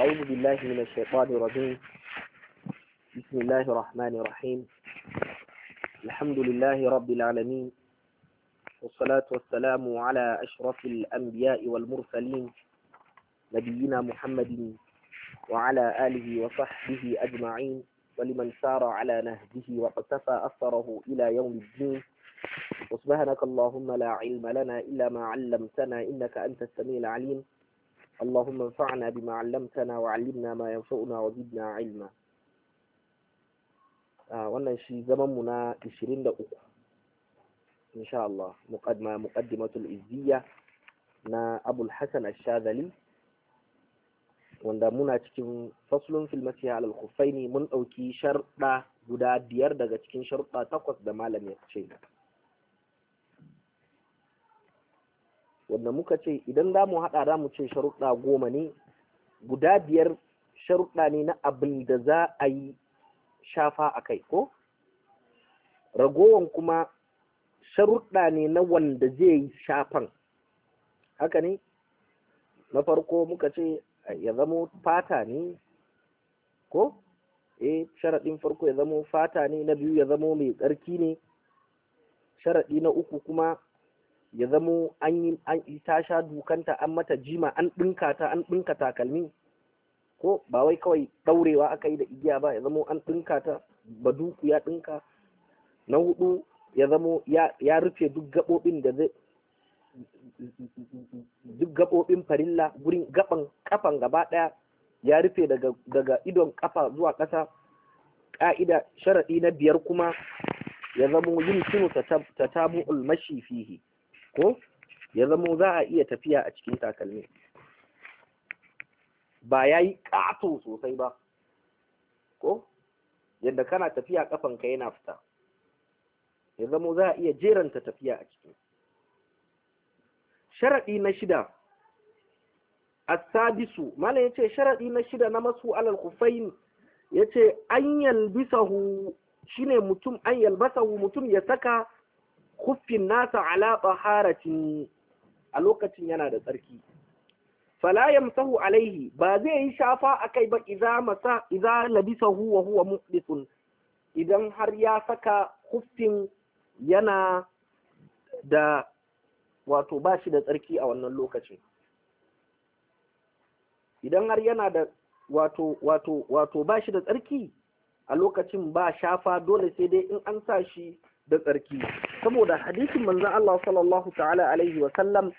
أعوذ بالله من الشيطان الرجيم بسم الله الرحمن الرحيم الحمد لله رب العالمين والصلاة والسلام على أشرف الأنبياء والمرسلين نبينا محمد وعلى آله وصحبه أجمعين ولمن سار على نهجه واقتفى أثره إلى يوم الدين وسبحانك اللهم لا علم لنا إلا ما علمتنا إنك أنت السميع العليم اللهم انفعنا بما علمتنا وعلمنا ما ينفعنا وزدنا علما wannan shi zaman mu na 23 insha Allah muqaddima muqaddimatul izziya na Abul Hasan Ash-Shadhali wanda muna cikin faslun fil masiha al khuffaini mun dauki sharda guda biyar daga cikin sharda takwas da malam ya ce wanda muka ce idan za mu haɗa za mu ce sharuɗa goma ne guda biyar sharuɗa ne na abin da za a yi shafa a kai ko ragowan kuma sharuɗa ne na wanda zai yi shafan haka ne na farko muka ce ya zamo fata ne ko eh sharaɗin farko ya zamo fata ne na biyu ya zamo mai tsarki ne sharaɗi na uku kuma ya zamo an yi ta sha dukanta an mata jima an ɗinka ta an ɗinka takalmi ko ba wai kawai ɗaurewa aka yi da igiya ba ya zamo an ɗinka ta duku ya ɗinka na hudu ya zamo ya rufe duk gaɓoɓin farilla gurin gaɓan kafan gaba ɗaya ya rufe daga idon ƙafa zuwa ƙasa ƙa'ida sharaɗi na biyar kuma ya zamo yin sunu ta tabu ulmashi fihi ko ya zama za a iya tafiya a cikin takalmi ba ya yi ƙato sosai ba ko yadda kana tafiya ƙafanka yana fita ya zama za a iya jeranta tafiya a ciki sharaɗi na shida mana ya ce sharaɗi na shida na masu alal kufain ce an shi ne mutum an hu, mutum ya saka kuffin nasa ala taharatin a lokacin yana da tsarki fala yamsahu alaihi ba zai yi shafa akai ba idza masa idza labisahu wa huwa muhdithun idan har ya saka kuffin yana da wato ba shi da tsarki a wannan lokacin idan har yana da wato wato wato ba shi da tsarki a lokacin ba shafa dole sai dai in an sa shi da tsarki saboda hadisin manzon Allah sallallahu ta'ala alaihi wa sallam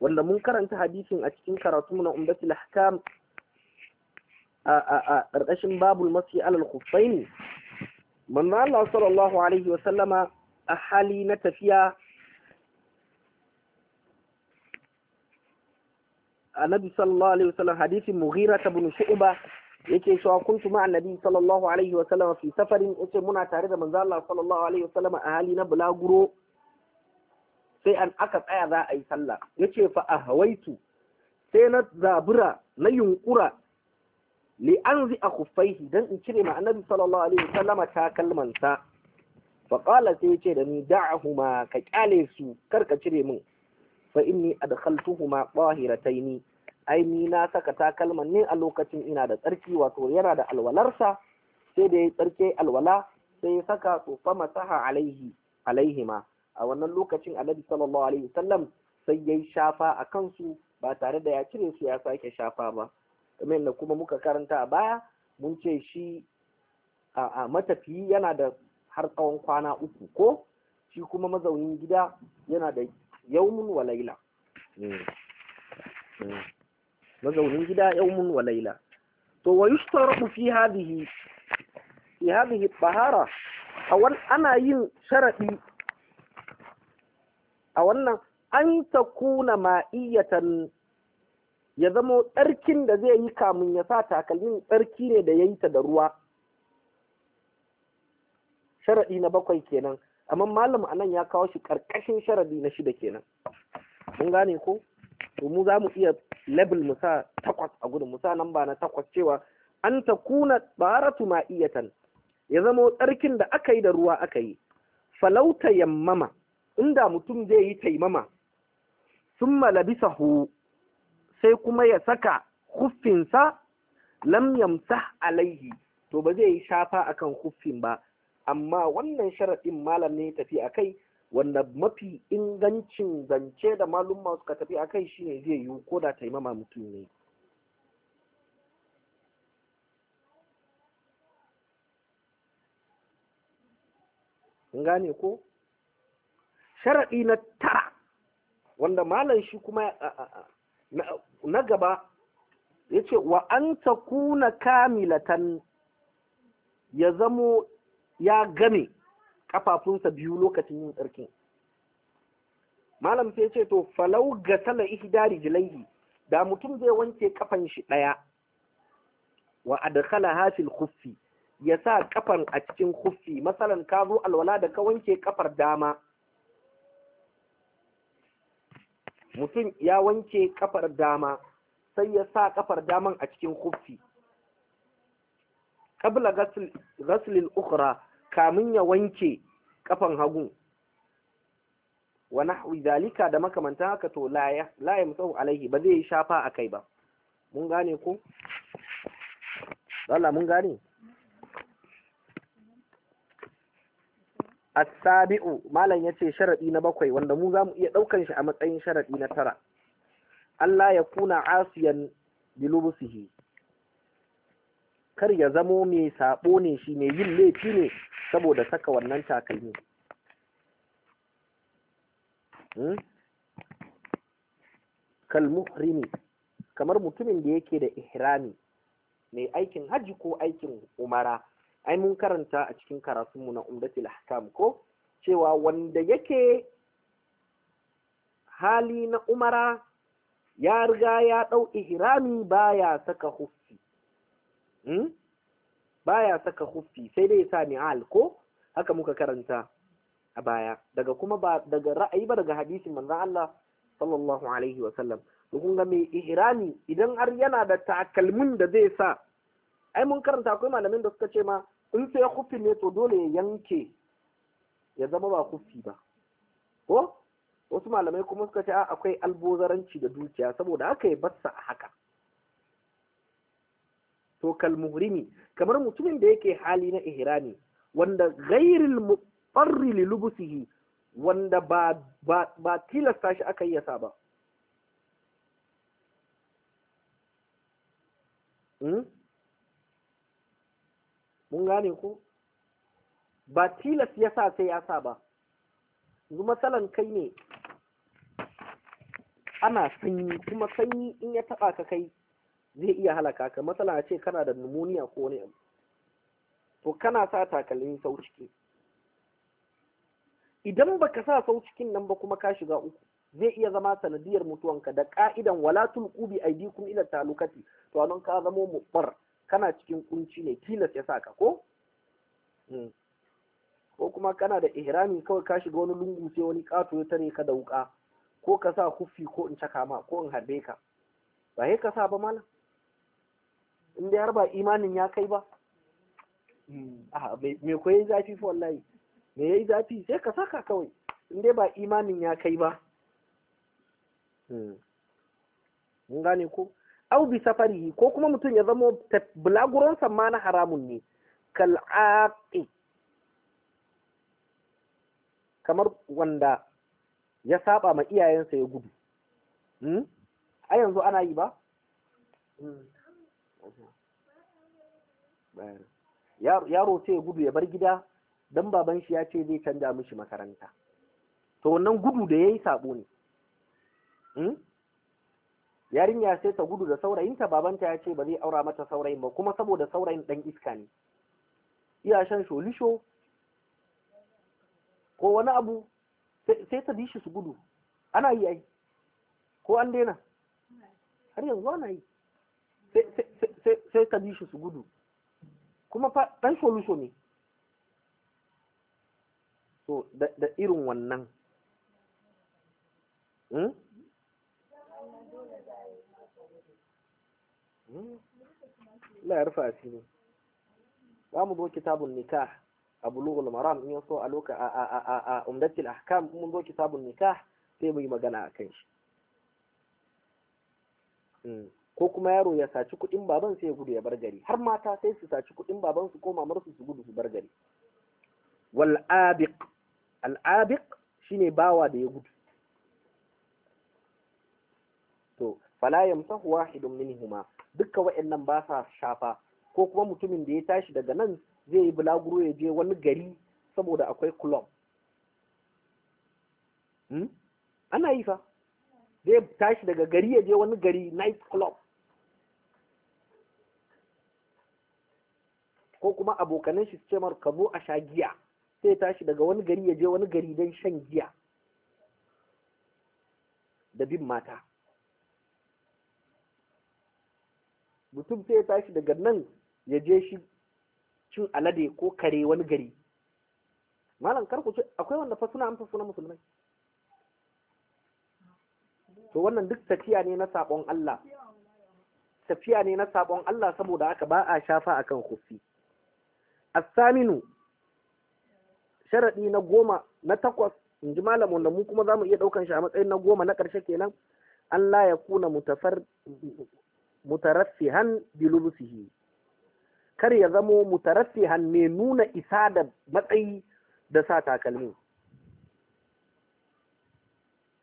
wanda mun karanta hadisin a cikin karatu na umdatul ahkam a a a karkashin babul masi alal khuffaini manzon Allah sallallahu alaihi wa sallama a hali na tafiya annabi sallallahu alaihi wa sallam hadisin mughira ibn shu'ba yake cewa kuntu ma annabi sallallahu alaihi wa sallam fi safarin yace muna tare da manzo Allah sallallahu alaihi wa sallam a hali na bulaguro sai an aka tsaya za a yi sallah yace fa ahawaitu sai na zabura na yunkura li anzi a kuffaihi dan in cire ma annabi sallallahu alaihi wa sallama takalmansa fa qala sai yace da ni da'ahuma ka kyale su kar ka cire min fa inni adkhaltuhuma tahirataini ai ni na saka takalman ne a lokacin ina da tsarki wato yana da alwalarsa sai da ya tsarke alwala sai ya saka to fa masaha alaihi alaihima a wannan lokacin annabi sallallahu alaihi wasallam sai yayi shafa a kansu ba tare da ya cire su ya sake shafa ba kamar yadda kuma muka karanta a baya mun ce shi a matafiyi yana da har tsawon kwana uku ko shi kuma mazaunin gida yana da yaumun walaila. Hmm. Hmm. mazaunin gida yawmun wa laila to wa yushtaratu fi hadhihi fi hadhihi bahara a wan ana yin sharadi a wannan an takuna ma'iyatan ya zama tsarkin da zai yi kamun ya sa takalmin tsarki ne da ya yi ta da ruwa sharaɗi na bakwai kenan amma malam anan ya kawo shi ƙarƙashin sharaɗi na shida kenan mun gane ko to mu za mu iya label mu sa takwas a gudun musa nan ba na takwas cewa an ta kuna baratu iyatan ya zama tsarkin da aka yi da ruwa aka yi falauta yammama inda mutum zai yi taimama sun bisa hu sai kuma ya saka huffinsa lam yamsah alaihi to ba zai yi shafa akan huffin ba amma wannan sharaɗin malam ne tafi a kai wanda mafi ingancin zance da malumma suka tafi a kai shine zai yiwu ko da taimama mutum ne gane ko sharaɗi na tara wanda malam shi kuma na gaba ya ce wa an kuna kamilatan ya zamo ya game kafafunsa biyu lokacin yin tsarkin malam sai ce to falau ga sala ihdari jilaihi da mutum zai wanke kafan shi ɗaya wa adkhala hafil khuffi ya sa kafan a cikin khuffi masalan ka zo alwala da ka wanke kafar dama mutum ya wanke kafar dama sai ya sa kafar daman a cikin khuffi qabla gaslin ukhra kamin ya wanke kafan hagu wa nahwi zalika da makamanta haka to la ya musau alaihi ba zai shafa akai ba mun gane ko Allah mun gane as-sabi'u malam yace sharadi na bakwai wanda mu zamu iya daukan shi a matsayin sharadi na tara Allah ya kuna asiyan bilubusihi kar ya zamo mai sabo ne shi mai yin laifi ne saboda saka wannan takalmi hmm? kalmuhrimi kamar mutumin da yake da ihrami mai aikin hajji ko aikin umara ai mun karanta a cikin karatunmu na umdatul ahkam ko cewa wanda yake hali na umara ya riga ya dau ihrami baya saka huffi Hmm? baya saka huffi sai dai sa ni'al ko haka muka karanta a baya daga kuma ba daga ra'ayi ba daga hadisin manzo Allah sallallahu alaihi wa sallam kun ga mai ihrami idan har yana da takalmin da zai sa ai mun karanta akwai malamin da suka ce ma in sai huffi ne to dole ya yanke ya zama ba huffi ba ko wasu malamai kuma suka ce akwai albozaranci da dukiya saboda haka ya bassa a haka to kal muhrimi kamar mutumin da yake hali na ihrami wanda ghairil mutarri li lubusihi wanda ba ba, ba tilasta shi aka yi yasa ba hmm? mun gane ko ba tilas yasa sai yasa ba yanzu matsalan kai ne ana sanyi kuma sanyi in ya taba ka kai zai iya halaka ka matsala ce kana da pneumonia ko wani abu to kana sa takalmin sau idan baka sa sau cikin nan ba kuma ka shiga uku zai iya zama sanadiyar mutuwanka da ka'idan wala tulqu bi aydikum ila talukati to anan ka zamo mubar kana cikin kunci ne tilas ya saka ko hmm. ko kuma kana da ihrami kawai ka shiga wani lungu sai wani kato ya tare ka da wuka ko ka sa hufi ko in caka ma ko in harbe ka ba sai ka sa ba malam inda har ba imanin ya kai ba hmm. me ko yayi zafi fi wallahi me yayi zafi sai ka saka kawai inda ba imanin ya kai ba hmm. mun gane ko au bi safarihi ko kuma mutum ya zama bulaguron ma na haramun ne kal'aqi kamar wanda ya saba ma iyayensa ya gudu hmm? a yanzu ana yi ba yaro sai ya gudu ya bar gida don baban shi ya ce zai canja mishi makaranta to wannan gudu da ya yi sabo ne hmm? yarinya sai ta gudu da saurayinta babanta ya ce ba zai aura mata saurayin ba kuma saboda saurayin dan iska ne iya shan sholisho ko wani abu sai ta bishi su gudu ana yi ai ko an daina har yanzu ana yi sai ta bi shi su gudu kuma fa dan solution ne so da irin wannan hmm? Hmm? la ya rufe asiri za mu zo kitabun nikah a bulughul maram in yaso a loka a a a a umdatil ahkam mun zo kitabun nikah sai mu yi magana a kan shi hmm. ko kuma yaro ya saci kuɗin baban sai ya gudu ya bar gari har mata sai su saci kuɗin baban su ko mamar su su gudu su bar gari wal abiq al abiq shine bawa da ya gudu to fala yamsahu wahidun minhuma dukkan wayannan ba sa shafa ko kuma mutumin da ya tashi daga nan zai yi bulaguro ya je wani gari saboda akwai club hmm? ana yi fa zai tashi daga gari ya je wani gari night club ko kuma abokanan shi ce mar ka zo a sha giya sai tashi daga wani gari ya je wani gari don shan giya da bin mata mutum sai tashi daga nan ya je shi cin alade ko kare wani gari malam kar ku ce akwai wanda fa suna amsa suna musulmai to wannan duk tafiya ne na sabon Allah tafiya ne na sabon Allah saboda aka ba a shafa akan kofi asaminu sharaɗi na goma na takwas in ji malam wanda mu kuma za mu iya ɗaukan shi a matsayin na goma na ƙarshe kenan Allah ya kuna mutaraffihan bilulusihi kar ya zamo mutaraffihan mai nuna isa da matsayi da sa takalmi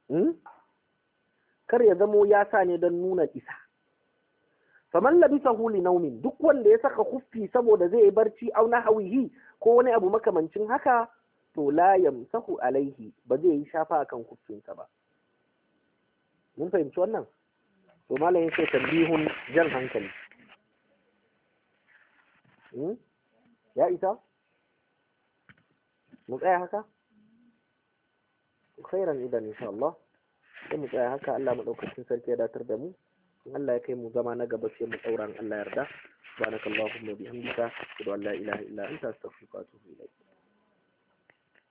hmm? kar ya zamo ya sa ne don nuna isa faman labisa huli naumin duk wanda ya saka huffi saboda zai yi barci aw hawihi ko wani abu makamancin haka to la yamsahu alaihi ba zai yi shafa akan huffinsa ba mun fahimci wannan to malam yace tambihun jan hankali hmm? ya isa mu tsaya haka khairan idan insha Allah sai mu tsaya haka Allah madaukakin sarki ya datar da mu Allah ya kai mu zama na gaba sai mu tsaura Allah yarda subhanakallahumma bihamdika ashhadu an la ilaha illa anta astaghfiruka wa atubu ilayk